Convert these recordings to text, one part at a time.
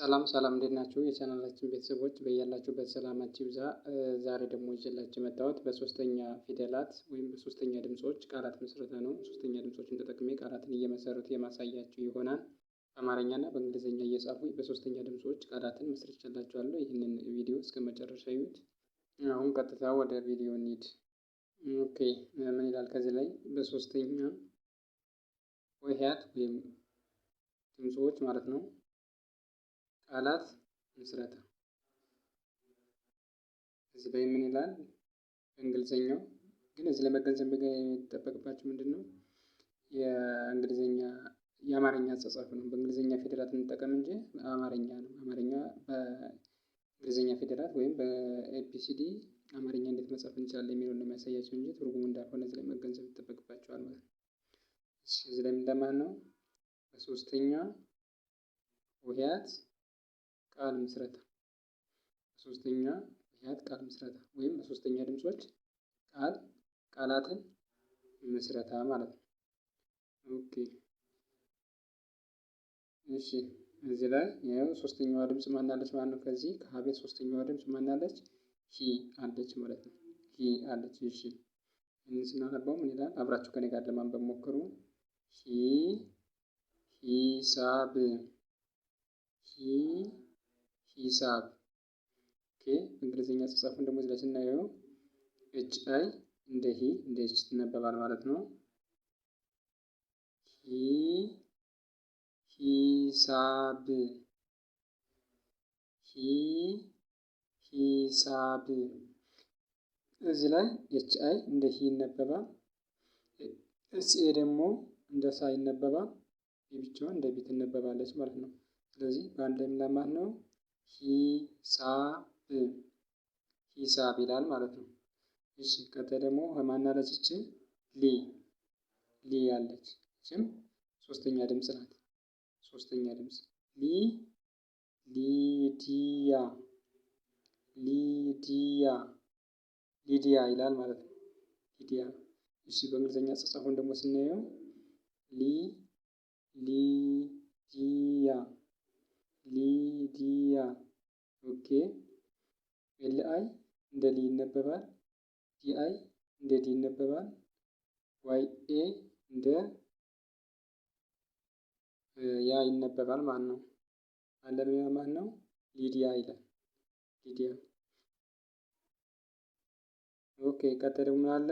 ሰላም ሰላም እንዴት ናችሁ? የቻናላችን ቤተሰቦች በያላችሁበት ሰላማችሁ ይብዛ። ዛሬ ደግሞ ይዤላችሁ የመጣሁት በሶስተኛ ፊደላት ወይም በሶስተኛ ድምፆች ቃላት ምስረታ ነው። ሶስተኛ ድምፆችን ተጠቅሜ ቃላትን እየመሰረቱ የማሳያችሁ ይሆናል። በአማርኛና በእንግሊዝኛ እየጻፉ በሶስተኛ ድምፆች ቃላትን መስርቻላችኋለሁ። ይህንን ቪዲዮ እስከ መጨረሻ ይዩት። አሁን ቀጥታ ወደ ቪዲዮ እንሂድ። ኦኬ ምን ይላል ከዚህ ላይ በሶስተኛ ሆሄያት ወይም ድምፆች ማለት ነው ቃላት ምስረታ እዚህ ላይ ምን ይላል በእንግሊዝኛው ግን እዚህ ለመገንዘብ የሚጠበቅባቸው ምንድን ነው? የእንግሊዝኛ የአማርኛ አጻጻፍ ነው። በእንግሊዝኛ ፊደላት እንጠቀም እንጂ አማርኛ ነው። አማርኛ በእንግሊዝኛ ፊደላት ወይም በኤቢሲዲ አማርኛ እንዴት መጻፍ እንችላለን የሚለውን ነው የሚያሳያቸው እንጂ ትርጉሙ እንዳልሆነ እዚህ ላይ መገንዘብ ይጠበቅባቸዋል ማለት ነው። እዚህ ላይ ምን ለማን ነው በሶስተኛ ውህያት ቃል ምስረታ በሶስተኛ ፊደላት ቃል ምስረታ ወይም በሶስተኛ ድምጾች ቃል ቃላትን ምስረታ ማለት ነው። ኦኬ እሺ፣ እዚህ ላይ ያው ሶስተኛዋ ድምጽ ማናለች ማለት ነው። ከዚህ ከሀቤት ሶስተኛዋ ድምጽ ማናለች? ሂ አለች ማለት ነው። ሂ አለች። እሺ፣ ይህን ስናነባው ምን ይላል? አብራችሁ ከኔ ጋር ለማንበብ ሞክሩ። ሂ ሂሳብ ሂ ሂሳብ ኦኬ። በእንግሊዝኛ ጽሑፉን ደግሞ እዚህ ላይ ስናየው ኤች አይ እንደ ሂ እንደ ኤች ትነበባል ማለት ነው። ሂ ሂሳብ ሂ ሂሳብ እዚህ ላይ ኤች አይ እንደ ሂ ይነበባል። ኤስ ኤ ደግሞ እንደ ሳ ይነበባል። ብቻዋን እንደ ቢ ትነበባለች ማለት ነው። ስለዚህ በአንድ ላይ ምን ነው? ሂሳብ ሂሳብ ይላል ማለት ነው። እሺ ቀጣይ ደግሞ ማናለች ሊ ሊ ያለች እችም ሶስተኛ ድምፅ ናት። ሶስተኛ ድምፅ ሊ ሊዲያ ሊዲያ ሊዲያ ይላል ማለት ነው። ሊዲያ እሺ በእንግሊዝኛ አጻጻፉን ደግሞ ስናየው ሊ ሊዲያ ሊዲያ ኦኬ። ኤል አይ እንደ ሊ ይነበባል። ዲ አይ እንደ ዲ ይነበባል። ዋይ ኤ እንደ ያ ይነበባል ማለት ነው። አለም ማለት ነው። ሊዲያ ይላል። ሊዲያ ኦኬ። ቀጥሎ ምን አለ?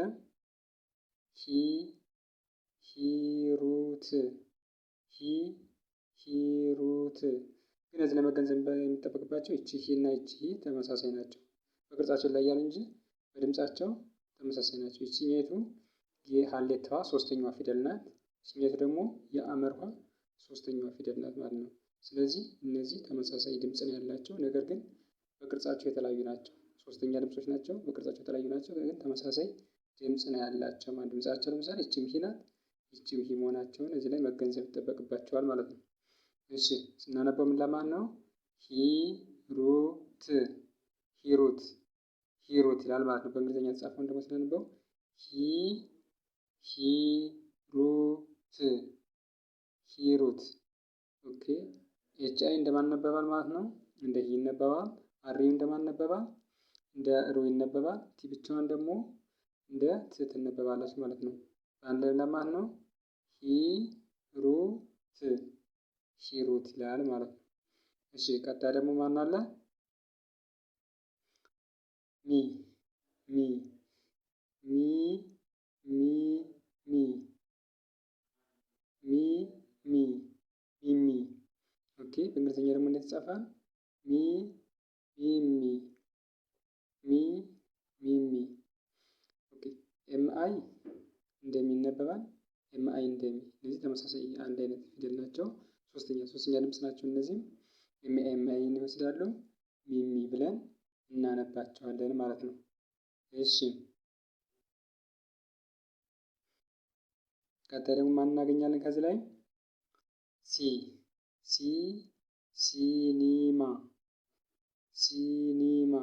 ሂ ሂሩት ሂ ሂሩት ግን እዚህ ለመገንዘብ የሚጠበቅባቸው ይቺ ሂ እና ይቺ ተመሳሳይ ናቸው። በቅርጻቸው ይለያሉ እንጂ በድምጻቸው ተመሳሳይ ናቸው። ይቺኛይቱ የሀሌታዋ ሶስተኛዋ ፊደል ናት። ይቺኛይቱ ደግሞ የአመርኋ ሶስተኛዋ ፊደል ናት ማለት ነው። ስለዚህ እነዚህ ተመሳሳይ ድምፅ ነው ያላቸው፣ ነገር ግን በቅርጻቸው የተለያዩ ናቸው። ሶስተኛ ድምጾች ናቸው። በቅርጻቸው የተለያዩ ናቸው፣ ግን ተመሳሳይ ድምፅ ነው ያላቸው። ድምጻቸው ለምሳሌ ይችም ሂ ናት፣ ይችም ሂ መሆናቸውን እዚህ ላይ መገንዘብ ይጠበቅባቸዋል ማለት ነው። እሺ ስናነበው ምን ለማን ነው? ሂሩት ሂሩት ሂሩት ይላል ማለት ነው። በእንግሊዝኛ የተጻፈውን ደግሞ ስናነበው ሂ ሂሩት ሂሩት። ኦኬ ኤች አይ እንደማንነበባል ማለት ነው። እንደ ሂ ይነበባል። አሪው እንደማንነበባል እንደ ሩ ይነበባል። ቲ ብቻዋን ደግሞ እንደ ት ትነበባለች ማለት ነው። በአንድ ላይ ለማን ነው? ሂሩት ሂሩት ይላል ማለት ነው። እሺ ቀጣይ ደግሞ ማን አለ? ሚ ሚ ሚ ሚ ሚ ሚ ሚ ሚሚ። ኦኬ በእንግሊዝኛ ደግሞ እንዴት ይጻፋል? ሚ ሚሚ ሚ ሚሚ። ኦኬ ኤም አይ እንደሚነበባል ኤም አይ እንደሚ። እነዚህ ተመሳሳይ አንድ አይነት ፊደል ናቸው። ሶስተኛ ሶስተኛ ድምፅ ናቸው። እነዚህም ኤምአይን ይወስዳሉ ሚሚ ብለን እናነባቸዋለን ማለት ነው። እሺ ቀጣይ ደግሞ ማን እናገኛለን ከዚህ ላይ ሲ ሲ ሲኒማ ሲኒማ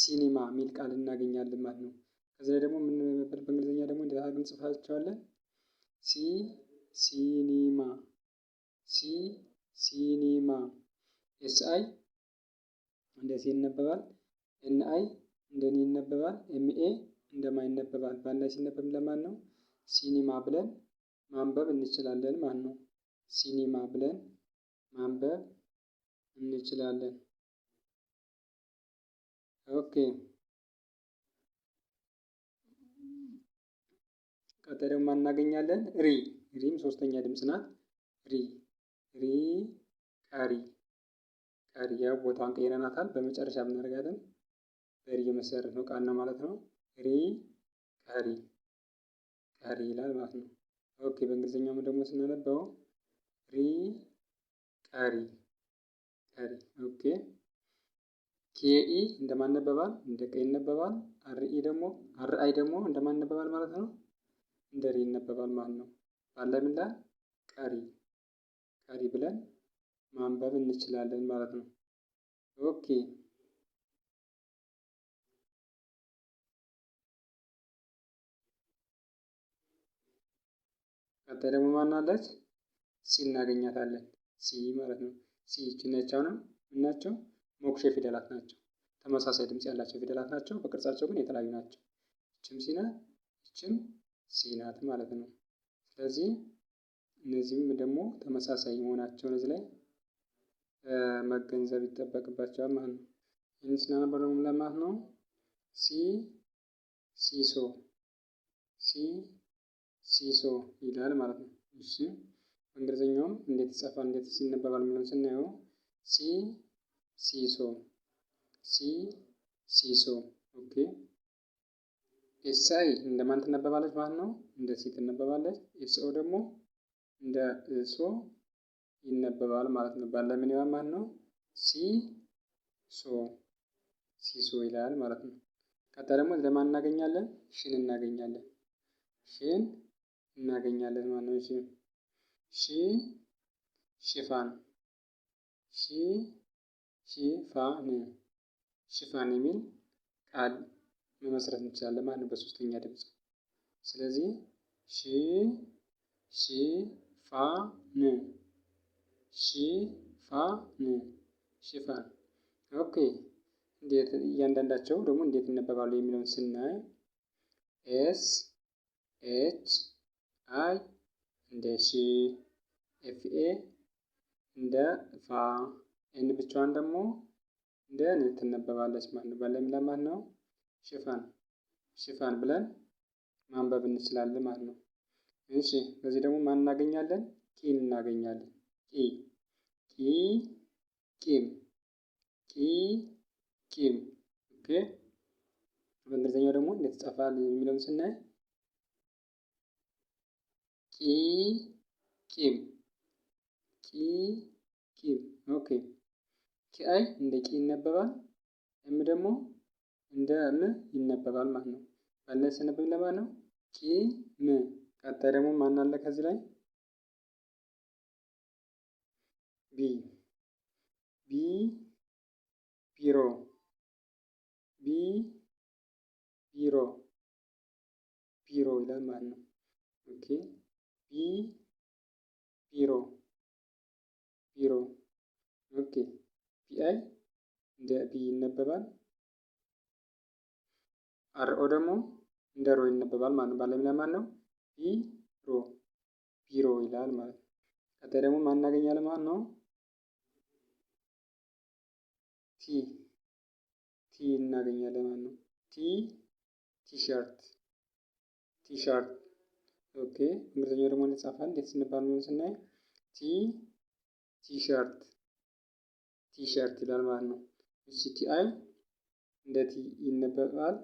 ሲኒማ የሚል ቃል እናገኛለን ማለት ነው። ከዚህ ላይ ደግሞ ምን በእንግሊዝኛ ደግሞ እንደ አድርገን ጽፋቸዋለን ሲ ሲ ሲ ሲኒማ ኤስ አይ እንደ ሲ ይነበባል። ኤን አይ እንደ ኒ ይነበባል። ኤም ኤ እንደማ ይነበባል። በአንድ ላይ ሲነበብ ለማን ነው? ሲኒማ ብለን ማንበብ እንችላለን ማለት ነው። ሲኒማ ብለን ማንበብ እንችላለን። ኦኬ ቀጠለው ማናገኛለን ሪ ሪም ሶስተኛ ድምፅ ናት ሪ ትሪ ቀሪ ቀሪ ያው ቦታዋን ቀይረናታል። በመጨረሻ ብናደርጋትን በሪ የመሰረት ነው ቃል ማለት ነው። ሪ ቀሪ ቀሪ ይላል ማለት ነው። ኦኬ በእንግሊዝኛውም ደግሞ ስናነበው ሪ ቀሪ ቀሪ። ኦኬ ኬኢ እንደማነበባል እንደ ቀይ ይነበባል። አርኢ ደግሞ አርአይ ደግሞ እንደማነበባል ማለት ነው እንደ ሪ ይነበባል ማለት ነው። ባለምን ቀሪ ካሪ ብለን ማንበብ እንችላለን ማለት ነው። ኦኬ ቀጣይ ደግሞ ማናለች? ሲ እናገኛታለን። ሲ ማለት ነው። ሲ ይቺ ነች። ምናቸው ሞክሼ ፊደላት ናቸው። ተመሳሳይ ድምፅ ያላቸው ፊደላት ናቸው። በቅርጻቸው ግን የተለያዩ ናቸው። ይችም ሲ ናት፣ ይችም ሲ ናት ማለት ነው። ስለዚህ እነዚህም ደግሞ ተመሳሳይ መሆናቸውን እዚህ ላይ መገንዘብ ይጠበቅባቸዋል ማለት ነው። ይህን ስናነባው ደግሞ ለማለት ነው ሲ ሲሶ ሲ ሲሶ ይላል ማለት ነው። እሺ በእንግሊዝኛውም እንዴት ይጻፋል፣ እንዴት ይነበባል የሚለውን ስናየው ሲ ሲሶ ሲ ሲሶ ኦኬ። ኤስ አይ እንደማን ትነበባለች ማለት ነው? እንደ ሲ ትነበባለች። ኤስ ኦ ደግሞ እንደ እሶ ይነበባል ማለት ነው። ባለምኔዋ ማን ነው? ሲ ሶ ሲሶ ይላል ማለት ነው። ቀጣ ደግሞ ለማን እናገኛለን? ሽን እናገኛለን። ሽን እናገኛለን ማለት ነው። ሽን ሺ ሽፋን ሺ ሽፋን ሽፋን የሚል ቃል መመስረት እንችላለን ማለት ነው በሶስተኛ ድምፅ። ስለዚህ ሺ ሺ ፋን ሽፋን ሽፋን። ኦኬ እንዴት እያንዳንዳቸው ደግሞ እንዴት ይነበባሉ የሚለውን ስናይ ኤስ ኤች አይ እንደ ሺ፣ ኤፍ ኤ እንደ ፋ፣ ኤን ብቻዋን ደግሞ እንደ ን ትነበባለች ማለት ነው። በለም ለማለት ነው ሽፋን ሽፋን ብለን ማንበብ እንችላለን ማለት ነው። እሺ በዚህ ደግሞ ማን እናገኛለን? ቂ እናገኛለን። ቂ ቂ ቂም ቂ ቂም። ኦኬ በእንግሊዝኛው ደግሞ እንዴት ይጻፋል የሚለውን ስናይ ቂ ቂም ቂ ቂም። ኦኬ ኪአይ እንደ ቂ ይነበባል። ኤም ደግሞ እንደ ም ይነበባል ማለት ነው። ባለ ስንብብ ለማን ነው? ቂ ም ቀጣይ ደግሞ ማን አለ ከዚህ ላይ ቢ ቢ ቢሮ ቢ ቢሮ ቢሮ ይላል ማለት ነው። ኦኬ ቢ ቢሮ ቢሮ ኦኬ አይ እንደ ቢ ይነበባል። አርኦ ደግሞ እንደ ሮ ይነበባል ማለት ነው። ባለሚላ ማን ነው? ቢሮ ቢሮ ይላል ማለት ነው። ቀጣይ ደግሞ ማን እናገኛለን ማለት ነው? ቲ ቲ እናገኛለን ማለት ነው። ቲ ቲሸርት ቲሸርት ኦኬ። እንግሊዝኛው ደግሞ እንጻፋል እንዴት ስንባል ነው ስናይ ቲ ቲሸርት ቲሸርት ይላል ማለት ነው። ቲ አይ እንደ ቲ ይነበባል።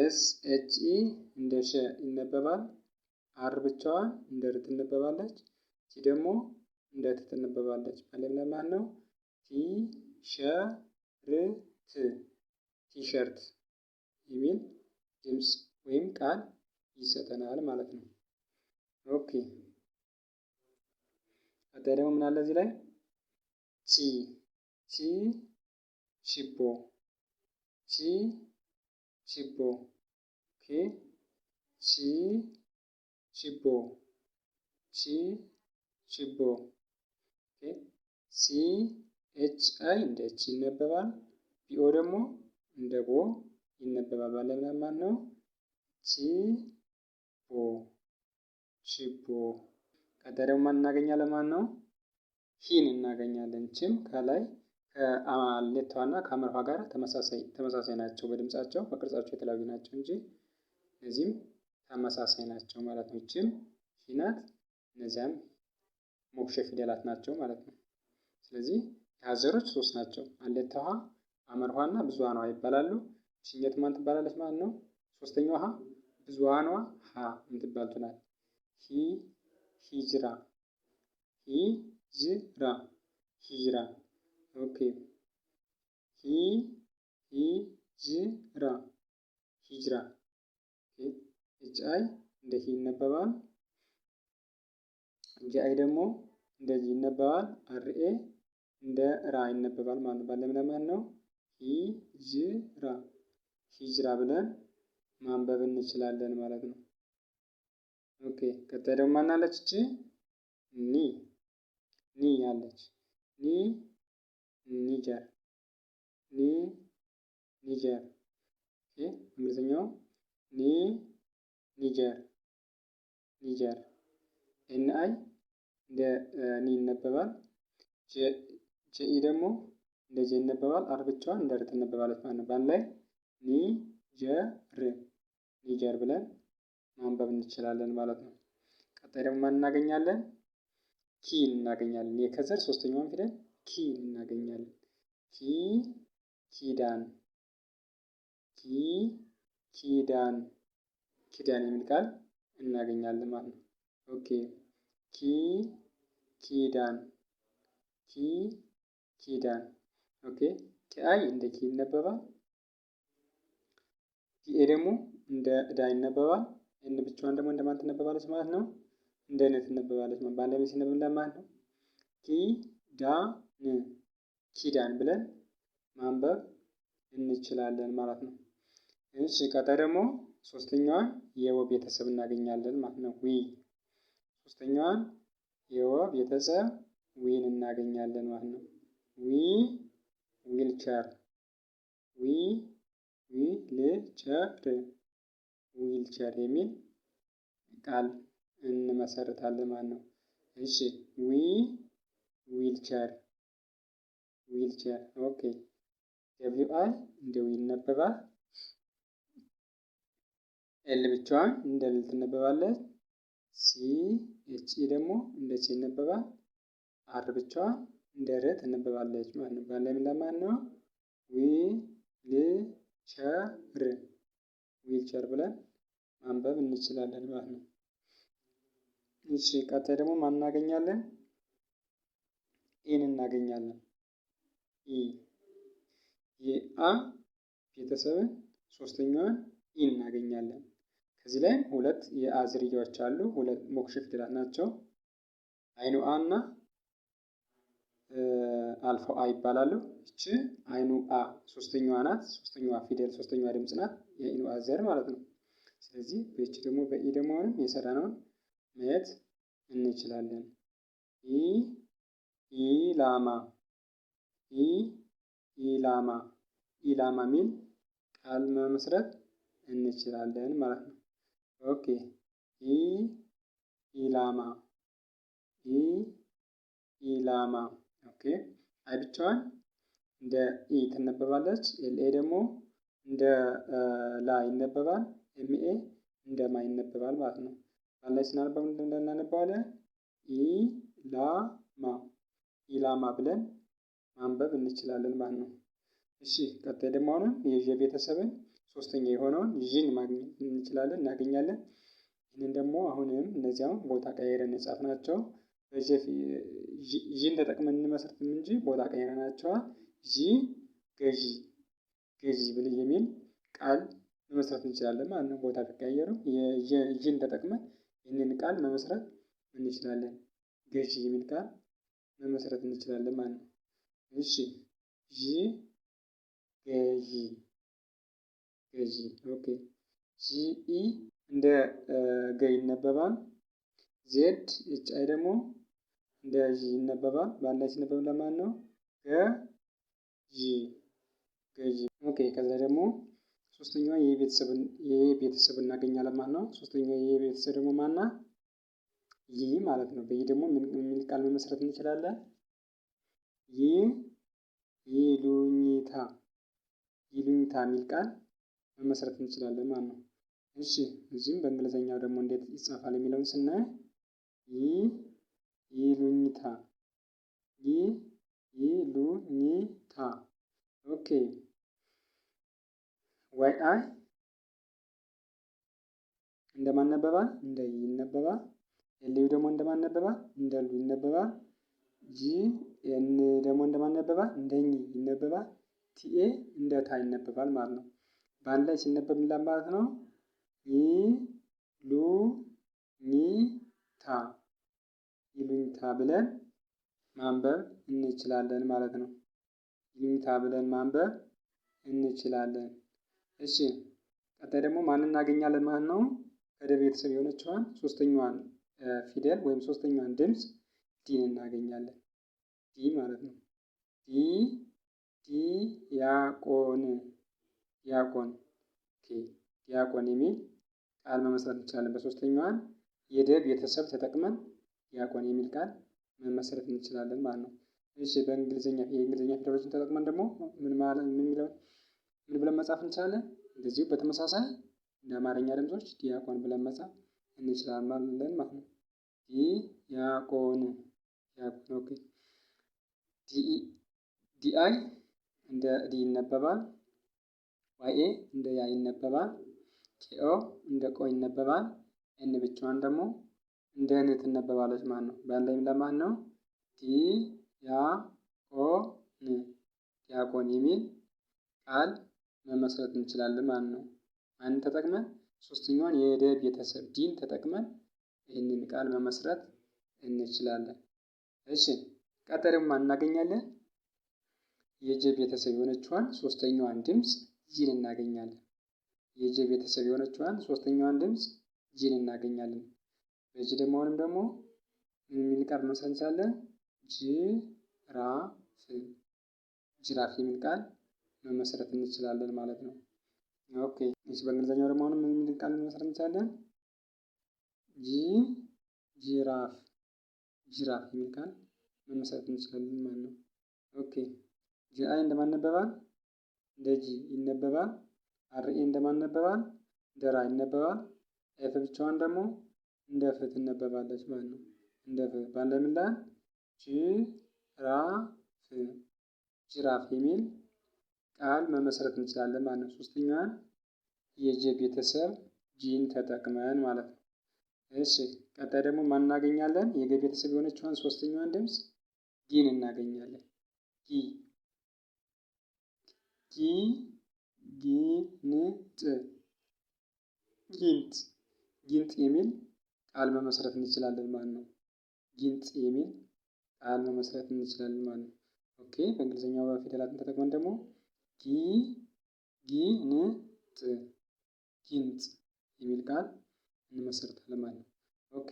ኤስ ኤች ኢ እንደ ሸ ይነበባል። አር ብቻዋ እንደ ር ትነበባለች። ቲ ደግሞ እንደ ት ትነበባለች። ባለምለ ማን ነው? ቲ ሸ ር ት ቲሸርት የሚል ድምፅ ወይም ቃል ይሰጠናል ማለት ነው። ኦኬ ቀጣይ ደግሞ ምን አለ እዚህ ላይ? ቺ ቺ ቺቦ ቺ ችቦ ፒ ቺ ችቦ ቺ ችቦ ሲ ኤች አይ እንደ ቺ ይነበባል። ቢኦ ደግሞ እንደ ቦ ይነበባል። ባለብላ ማን ነው? ቺ ቦ ችቦ። ቀጣይ ማን እናገኛለን? ማን ነው? ሂን እናገኛለን። ችም ከላይ ከአልኔቷ እና ከአመርኋ ጋር ተመሳሳይ ናቸው። በድምፃቸው በቅርጻቸው የተለያዩ ናቸው እንጂ እነዚህም ተመሳሳይ ናቸው ማለት ነው። ይችም እነዚያም ሞክሸ ፊደላት ናቸው ማለት ነው። ስለዚህ የሀዘሮች ሶስት ናቸው። አሌታ ውሃ፣ አመርኋ እና ብዙሀን ውሃ ይባላሉ። ሺኘት ማን ትባላለች ማለት ነው። ሶስተኛው ውሃ ብዙሀን ሀ የምትባል ትናል። ሂ ሂጅራ ሂጅራ ሂጅራ ኦኬ ሂ ሂ ጅ ራ ሂጅራ ኤች አይ እንደ ሂ ይነበባል። ጂ አይ ደግሞ እንደዚህ ይነበባል። አር ኤ እንደ ራ ይነበባል ማለት ነው። ባለምለማን ነው ሂጅራ ሂጅራ ብለን ማንበብ እንችላለን ማለት ነው። ኦኬ ቀጣይ ደግሞ ማናለች? እቺ ኒ ኒ አለች ኒ ኒጀር ኒ ኒጀር እንግሊዝኛው ኒ ኒጀር ኒጀር ኤን አይ እንደ ኒ ይነበባል። ጄ ደግሞ እንደ ጄ ይነበባል። አር ብቻዋን እንደ ር ትነበባለች ማለት ነው። በአንድ ላይ ር ኒጀር ብለን ማንበብ እንችላለን ማለት ነው። ቀጣይ ደግሞ ማን እናገኛለን? ኪ እናገኛለን። የከዘር ሶስተኛውን ፊደል ኪ እናገኛለን። ኪ ኪዳን ኪ ኪዳን ኪዳን የሚል ቃል እናገኛለን ማለት ነው። ኦኬ ኪ ኪዳን ኪ ኪዳን ኦኬ ኪአይ እንደ ኪ ይነበባል። ኪኤ ደግሞ እንደ ዳ ይነበባል። እን ብቻዋን ደግሞ እንደማን ትነበባለች ማለት ነው? እንደ ነ ትነበባለች ማለት ነው። ባለቤት ሲነበብላ ማለት ነው። ኪ ዳ ን ኪዳን ብለን ማንበብ እንችላለን ማለት ነው። እሺ ቀጣይ ደግሞ ሶስተኛዋን የወ ቤተሰብ እናገኛለን ማለት ነው። ዊ ሶስተኛዋን የወ ቤተሰብ ዊን እናገኛለን ማለት ነው። ዊ ዊልቸር ዊ ዊልቸር ዊልቸር የሚል ቃል እንመሰርታለን ማለት ነው። እሺ ዊ ዊልቸር ዊልቸር ኦኬ። ደብሊው አይ እንደ ይነበባል። ኤል ብቻዋን እንደ ል ትነበባለች። ሲ ኤች ኢ ደግሞ እንደ ቺ ይነበባል። አር ብቻዋን እንደ ር ትነበባለች ማለት ነው። ባለ ለማን ነው ዊልቸር ዊልቸር ብለን ማንበብ እንችላለን ማለት ነው። እሺ ቀጣይ ደግሞ ማን እናገኛለን? ኢን እናገኛለን። ኤ የአ ቤተሰብን ሶስተኛዋን ኢ እናገኛለን። ከዚህ ላይ ሁለት የአ ዝርያዎች አሉ። ሁለት ሞክሽ ፊደላት ናቸው። አይኑ አ እና አልፎ አ ይባላሉ። እቺ አይኑ አ ሶስተኛዋ ናት። ሶስተኛዋ ፊደል ሶስተኛዋ ድምፅ ናት። የኢኑ አ ዘር ማለት ነው። ስለዚህ በእቺ ደግሞ በኢ ደግሞ አሁንም የሰራነውን ማየት እንችላለን። ኢ ኢላማ ኢ ኢላማ ኢላማ ሚል ቃል መመስረት እንችላለን ማለት ነው። ኦኬ ኢ ኢላማ ኢ ኢላማ ኦኬ። አይ ብቻዋን እንደ ኢ ትነበባለች። ኤልኤ ደግሞ እንደ ላ ይነበባል። ኤምኤ እንደ ማ ይነበባል ማለት ነው። ባል ላይ ስናነበብ እንደምናነባዋለን ኢላማ ኢላማ ብለን ማንበብ እንችላለን ማለት ነው። እሺ ቀጣይ ደግሞ አሁንም የዠ ቤተሰብን ሶስተኛ የሆነውን ዥን ማግኘት እንችላለን እናገኛለን። ይህንን ደግሞ አሁንም እነዚያውን ቦታ ቀያይረን የጻፍናቸው ዥን ተጠቅመን እንመስርትም እንጂ ቦታ ቀይረናቸዋ ዥ ገዢ ገዢ ብል የሚል ቃል መመስረት እንችላለን ማለት ነው። ቦታ ቢቀያየሩ ዥን ተጠቅመን ይህንን ቃል መመስረት እንችላለን። ገዢ የሚል ቃል መመስረት እንችላለን ማለት ነው። እሺ ዢ ገዢ ገዢ ኦኬ ጂኢ እንደ ገ ይነበባል። ዜድ ኤች አይ ደግሞ እንደ ዢ ይነበባል። በአንድ ላይ ሲነበብ ለማን ነው? ገ ዢ ገዢ። ኦኬ ከዛ ደግሞ ሶስተኛዋ የቤተሰብ እናገኛለን ማለት ነው። ሶስተኛዋ የቤተሰብ ደግሞ ማና? ይ ማለት ነው። በይ ደግሞ ምን ቃል መመስረት እንችላለን? ይሉኝታ ይሉኝታ የሚል ቃል መመስረት እንችላለን ማለት ነው። እሺ እዚህም በእንግሊዘኛ ደግሞ እንዴት ይጻፋል የሚለውን ስናይ ይ ይሉኝታ ይ ይሉኝታ ኦኬ ዋይ አይ እንደማን ነበባ እንደ ይነበባል። ኤልዩ ደግሞ እንደማን እንደ ሉ ይነበባል። ጂ ኤን ደግሞ እንደማን ይነበባል? እንደኝ ይነበባል። ቲኤ እንደ ታ ይነበባል ማለት ነው። በአንድ ላይ ሲነበብ ምላል ማለት ነው። ሚ ሉ ኒ ታ ይሉኝታ ብለን ማንበብ እንችላለን ማለት ነው። ይሉኝታ ብለን ማንበብ እንችላለን። እሺ ቀጣይ ደግሞ ማን እናገኛለን ማለት ነው። ከደ ቤተሰብ የሆነችዋን ሶስተኛዋን ፊደል ወይም ሶስተኛዋን ድምፅ ዲን እናገኛለን። ዲ ማለት ነው። ዲ ዲ ዲያቆን ኦኬ፣ ዲያቆን የሚል ቃል መመስረት እንችላለን። በሶስተኛዋን የደ ቤተሰብ ተጠቅመን ዲያቆን የሚል ቃል መመስረት እንችላለን ማለት ነው። እሺ በእንግሊዝኛ የእንግሊዝኛ ፊደሎችን ተጠቅመን ደግሞ ምን ማለት ምን ምን ብለን መጻፍ እንችላለን? እንደዚሁ በተመሳሳይ እንደ አማርኛ ድምጾች ዲያቆን ብለን መጻፍ እንችላለን ማለት ነው። ዲያቆን ዲአይ እንደ ዲ ይነበባል። ዋይኤ እንደ ያ ይነበባል። ኬኦ እንደ ቆ ይነበባል። ኤን ብቻዋን ደግሞ እንደ ን ትነበባለች ማለት ነው። በአንድ ለማን ነው ዲ ያ ቆ ን ዲያቆን የሚል ቃል መመስረት እንችላለን ማለት ነው። አንድ ተጠቅመን ሶስተኛዋን የደ ቤተሰብ ዲን ተጠቅመን ይህንን ቃል መመስረት እንችላለን። እሺ ቀጠርን እናገኛለን? የጀ ቤተሰብ የሆነችዋን ሶስተኛዋን ድምፅ ጂን እናገኛለን። የጀ ቤተሰብ የሆነችዋን ሶስተኛዋን ድምፅ ጂን እናገኛለን። በጂ ደግሞ አሁንም ደግሞ የሚል ቃል መስራት ጅራፍ ጅራፍ የሚል ቃል መመስረት እንችላለን ማለት ነው። ኦኬ እሺ፣ በእንግሊዝኛው ደግሞ አሁንም የሚል ቃል መመስረት እንችላለን። ጂ ጂራፍ ጅራፍ የሚል ቃል መመሰረት እንችላለን ማለት ነው። ኦኬ ጂአይ እንደማን ነበባል? እንደ ጂ ይነበባል። አርኤ እንደማን ነበባል? እንደ ራ ይነበባል። ኤፍ ብቻዋን ደግሞ እንደ ፍ ትነበባለች ማለት ነው። እንደ ፍ ጂ ራ ጅራፍ ጅራፍ የሚል ቃል መመስረት እንችላለን ማለት ነው። ሶስተኛዋን የጀ ቤተሰብ ጂን ተጠቅመን ማለት ነው። እሺ ቀጣይ ደግሞ ማን እናገኛለን? የገ ቤተሰብ የሆነችውን ሶስተኛዋን ድምፅ ጊን እናገኛለን። ጊ ጊ ጊንጥ ጊንጥ ጊንጥ የሚል ቃል መመስረት እንችላለን ማለት ነው። ጊንጥ የሚል ቃል መመስረት እንችላለን ማለት ነው። ኦኬ በእንግሊዝኛው ፊደላትን ተጠቅመን ደግሞ ጊ ጊንጥ ጊንጥ የሚል ቃል እንመሰርታለን ማለት ነው። ኦኬ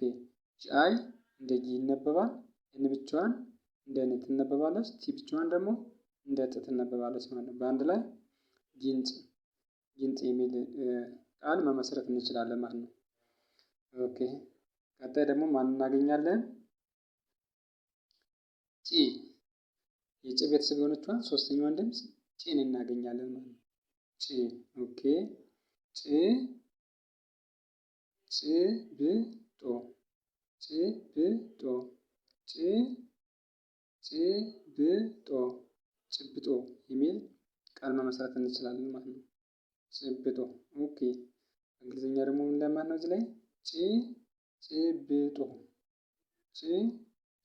ጂአይ እንደ ጂ ይነበባል። ኤን ብቻዋን እንደ ን ትነበባለች። ቲ ብቻዋን ደግሞ እንደ ጥ ትነበባለች ማለት ነው። በአንድ ላይ ጊንጥ ጊንጥ የሚል ቃል መመስረት እንችላለን ማለት ነው። ኦኬ ቀጣይ ደግሞ ማን እናገኛለን? ጪ የጭ ቤተሰብ የሆነችዋን ሶስተኛዋን ድምፅ ጪን እናገኛለን ማለት ነው። ኦኬ ጪ ጭብጦ ጭብጦ ጭ ጭብጦ ጭብጦ የሚል ቃል መመስረት እንችላለን ማለት ነው። ጭብጦ ኦኬ። እንግሊዝኛ ደግሞ ምን ለማን ነው እዚህ ላይ ጭ ጭብጦ ጭ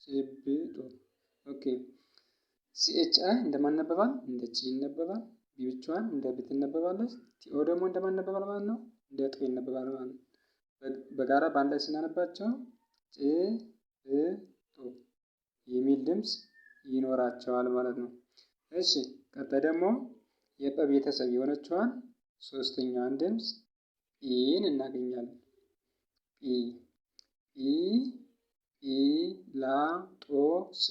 ጭብጦ ኦኬ። ሲኤች አይ እንደማን ነበባል? እንደ ጭ ይነበባል። ቢ ብቻዋን እንደ ብ ትነበባለች። ቲኦ ደግሞ እንደማን ነበባል ማለት ነው? እንደ ጦ ይነበባል ማለት ነው። በጋራ በአንድ ላይ ስናነባቸው ጭብጦ የሚል ድምፅ ይኖራቸዋል ማለት ነው። እሺ ቀጣይ ደግሞ የጠ ቤተሰብ የሆነችዋን ሶስተኛዋን ድምፅ ኢን እናገኛለን። ኢ ኢ ጲላጦስ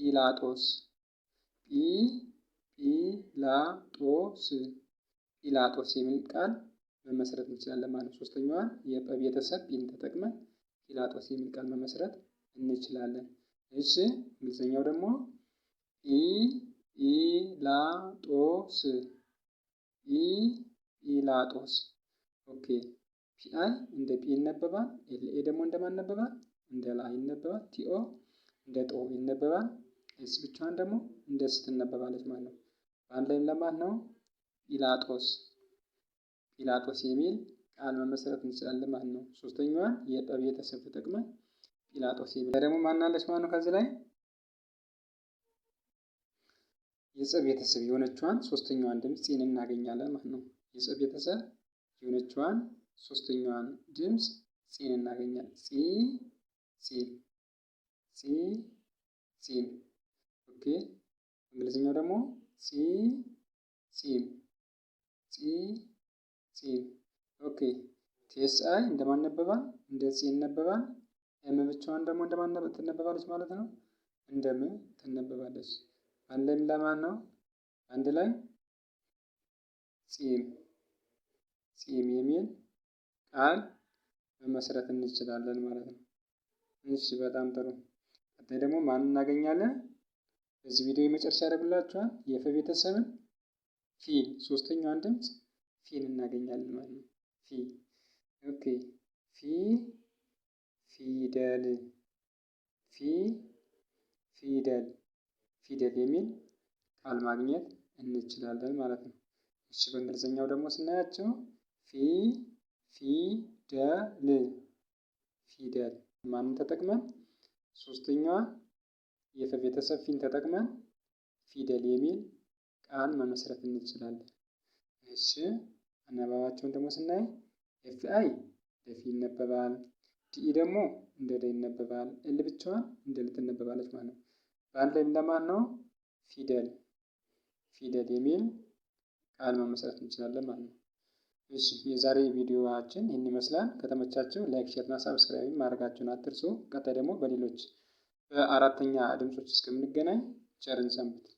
ጲላጦስ ጲላጦስ ጲላጦስ የሚል ቃል መመስረት እንችላለን ማለት ነው። ሶስተኛዋን የፐ ቤተሰብ ቢን ተጠቅመን ጲላጦስ የሚል ቃል መመስረት እንችላለን። እሺ እንግሊዝኛው ደግሞ ኢላጦስ ኢላጦስ። ኦኬ ፒአይ እንደ ፒ ይነበባል። ኤልኤ ደግሞ እንደማን ይነበባል? እንደ ላ ይነበባል። ቲኦ እንደ ጦ ይነበባል። ኤስ ብቻዋን ደግሞ እንደ ስ ትነበባለች ማለት ነው። በአንድ ላይ ለማለት ነው ጲላጦስ ጲላጦስ የሚል ቃል መመሰረት እንችላለን ማለት ነው። ሶስተኛዋን የጠ ቤተሰብ ተጠቅመን ጲላጦስ የሚል ደግሞ ማናለች ማለት ነው። ከዚህ ላይ የጸ ቤተሰብ የሆነችዋን ሶስተኛዋን ድምፅ ይህን እናገኛለን ማለት ነው። የጸ ቤተሰብ የሆነችዋን ሶስተኛዋን ድምፅ ፂን እናገኛለን። ፂ ፂን ፂ ፂን ኦኬ። እንግሊዝኛው ደግሞ ፂ ፂን ፂ ሲ ኦኬ ቲኤስ አይ እንደማን ነበባል? እንደ ሲ ይነበባል። ኤም ብቻዋን ደግሞ እንደማን ትነበባለች ማለት ነው? እንደ ም ትነበባለች። አንድ ላይ ለማን ነው? አንድ ላይ ጺም ጺም የሚል ቃል መመስረት እንችላለን ማለት ነው። እሺ በጣም ጥሩ። ቀጣይ ደግሞ ማን እናገኛለን? በዚህ ቪዲዮ የመጨረሻ ያደርግላችኋል የፈ ቤተሰብን ፊ ሶስተኛዋን ድምፅ ፊን እናገኛለን ማለት ነው። ፊ ኦኬ ፊ ፊደል ፊ ፊደል ፊደል የሚል ቃል ማግኘት እንችላለን ማለት ነው። እሺ በእንግሊዝኛው ደግሞ ስናያቸው ፊ ፊደል ፊደል ማንን ተጠቅመን ሶስተኛዋ የፈ ቤተሰብ ፊን ተጠቅመን ፊደል የሚል ቃል መመስረት እንችላለን። እሺ አናባባቸውን ደግሞ ስናይ ኤፍ አይ ደፊ ይነበባል። ዲኢ ደግሞ እንደ ደ ይነበባል። ኤል ብቻዋን እንደ ል ትነበባለች ማለት ነው። በአንድ ላይ ለማን ነው ፊደል ፊደል የሚል ቃል መመስረት እንችላለን ማለት ነው። እሺ የዛሬ ቪዲዮችን ይህን ይመስላል። ከተመቻቸው ላይክ፣ ሼር እና ሳብስክራይብ ማድረጋችሁን አትርሱ። ቀጣይ ደግሞ በሌሎች በአራተኛ ድምጾች እስከምንገናኝ ቸርን ሰንብት።